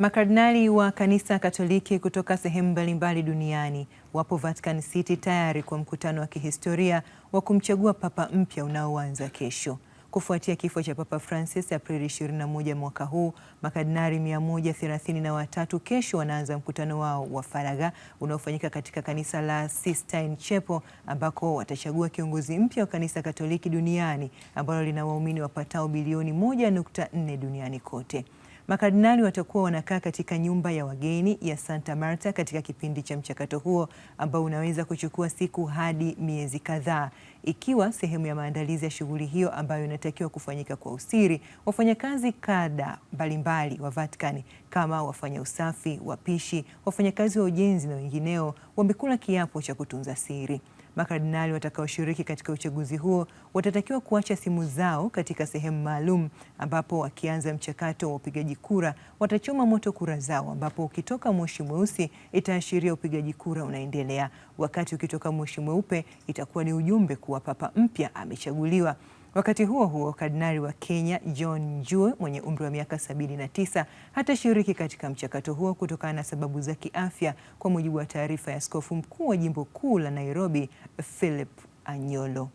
Makardinali wa Kanisa Katoliki kutoka sehemu mbalimbali duniani wapo Vatican City tayari kwa mkutano wa kihistoria wa kumchagua Papa mpya unaoanza kesho. Kufuatia kifo cha Papa Francis Aprili 21 mwaka huu, makardinali 133 kesho wanaanza mkutano wao wa faragha unaofanyika katika kanisa la Sistine Chapel ambako watachagua kiongozi mpya wa Kanisa Katoliki duniani ambalo lina waumini wapatao bilioni 1.4 duniani kote. Makardinali watakuwa wanakaa katika nyumba ya wageni ya Santa Marta katika kipindi cha mchakato huo ambao unaweza kuchukua siku hadi miezi kadhaa, ikiwa sehemu ya maandalizi ya shughuli hiyo ambayo inatakiwa kufanyika kwa usiri. Wafanyakazi kada mbalimbali wa Vatican kama wafanya usafi, wapishi, wafanyakazi wa ujenzi na wengineo wamekula kiapo cha kutunza siri. Makardinali watakaoshiriki katika uchaguzi huo watatakiwa kuacha simu zao katika sehemu maalum, ambapo wakianza mchakato wa upigaji kura watachoma moto kura zao, ambapo ukitoka moshi mweusi itaashiria upigaji kura unaendelea, wakati ukitoka moshi mweupe itakuwa ni ujumbe kuwa papa mpya amechaguliwa. Wakati huo huo, Kardinali wa Kenya John Njue mwenye umri wa miaka 79 hatashiriki katika mchakato huo kutokana na sababu za kiafya, kwa mujibu wa taarifa ya askofu mkuu wa jimbo kuu la Nairobi Philip Anyolo.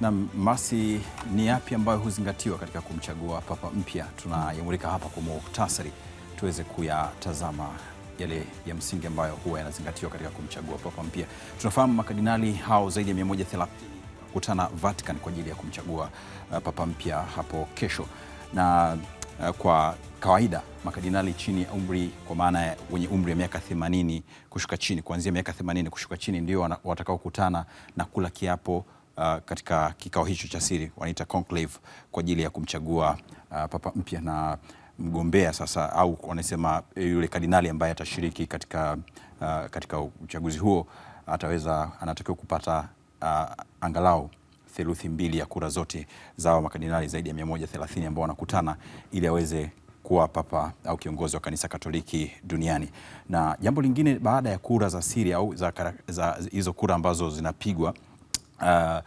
Nam basi, ni yapi ambayo huzingatiwa katika kumchagua papa mpya? Tunayamulika hapa kwa muhtasari tuweze kuyatazama yale ya msingi ambayo huwa yanazingatiwa katika kumchagua papa mpya. Tunafahamu makadinali hao zaidi ya 130 kutana Vatican kwa ajili ya kumchagua uh, papa mpya hapo kesho na uh, kwa kawaida makadinali chini ya umri kwa maana ya wenye umri ya miaka 80 kushuka chini, kuanzia miaka 80 kushuka chini ndio watakaokutana na kula kiapo Uh, katika kikao hicho cha siri wanaita conclave kwa ajili ya kumchagua uh, papa mpya na mgombea sasa au wanasema eh, yule kardinali ambaye atashiriki katika, uh, katika uchaguzi huo ataweza anatakiwa kupata uh, angalau theluthi mbili ya kura zote za makardinali zaidi ya 130 ambao wanakutana ili aweze kuwa papa au kiongozi wa kanisa Katoliki duniani. Na jambo lingine baada ya kura za siri au za, za hizo kura ambazo zinapigwa ah,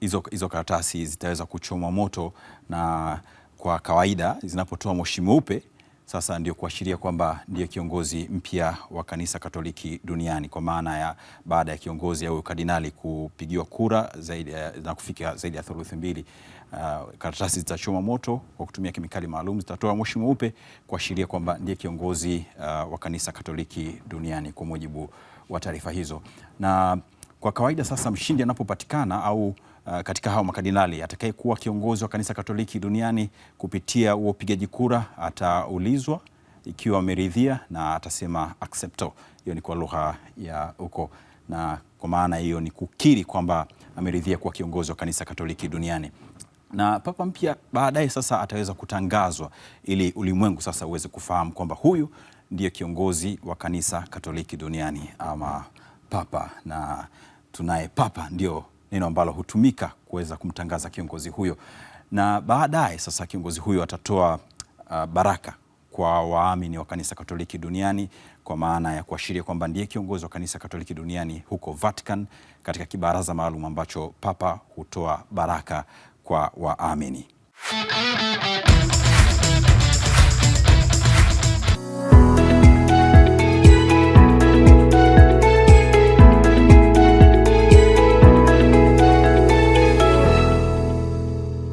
hizo uh, uh, karatasi zitaweza kuchomwa moto na kwa kawaida zinapotoa moshi mweupe sasa ndio kuashiria kwamba ndiye kiongozi mpya wa kanisa Katoliki duniani kwa maana ya baada ya kiongozi au kardinali kupigiwa kura zaidi na kufika zaidi ya thuluthi mbili, uh, karatasi zitachoma moto kwa kutumia kemikali maalum, zitatoa moshi mweupe kuashiria kwamba ndiye kiongozi uh, wa kanisa Katoliki duniani kwa mujibu wa taarifa hizo na kwa kawaida sasa mshindi anapopatikana au uh, katika hao makadinali atakayekuwa kiongozi wa kanisa Katoliki duniani kupitia huo upigaji kura ataulizwa ikiwa ameridhia na atasema accepto. Hiyo ni kwa lugha ya huko, na kwa maana hiyo ni kukiri kwamba ameridhia kuwa kiongozi wa kanisa Katoliki duniani na papa mpya baadaye sasa ataweza kutangazwa ili ulimwengu sasa uweze kufahamu kwamba huyu ndiyo kiongozi wa kanisa Katoliki duniani ama papa na tunaye papa ndio neno ambalo hutumika kuweza kumtangaza kiongozi huyo, na baadaye sasa kiongozi huyo atatoa uh, baraka kwa waamini wa kanisa Katoliki duniani kwa maana ya kuashiria kwamba ndiye kiongozi wa kanisa Katoliki duniani huko Vatican, katika kibaraza maalum ambacho papa hutoa baraka kwa waamini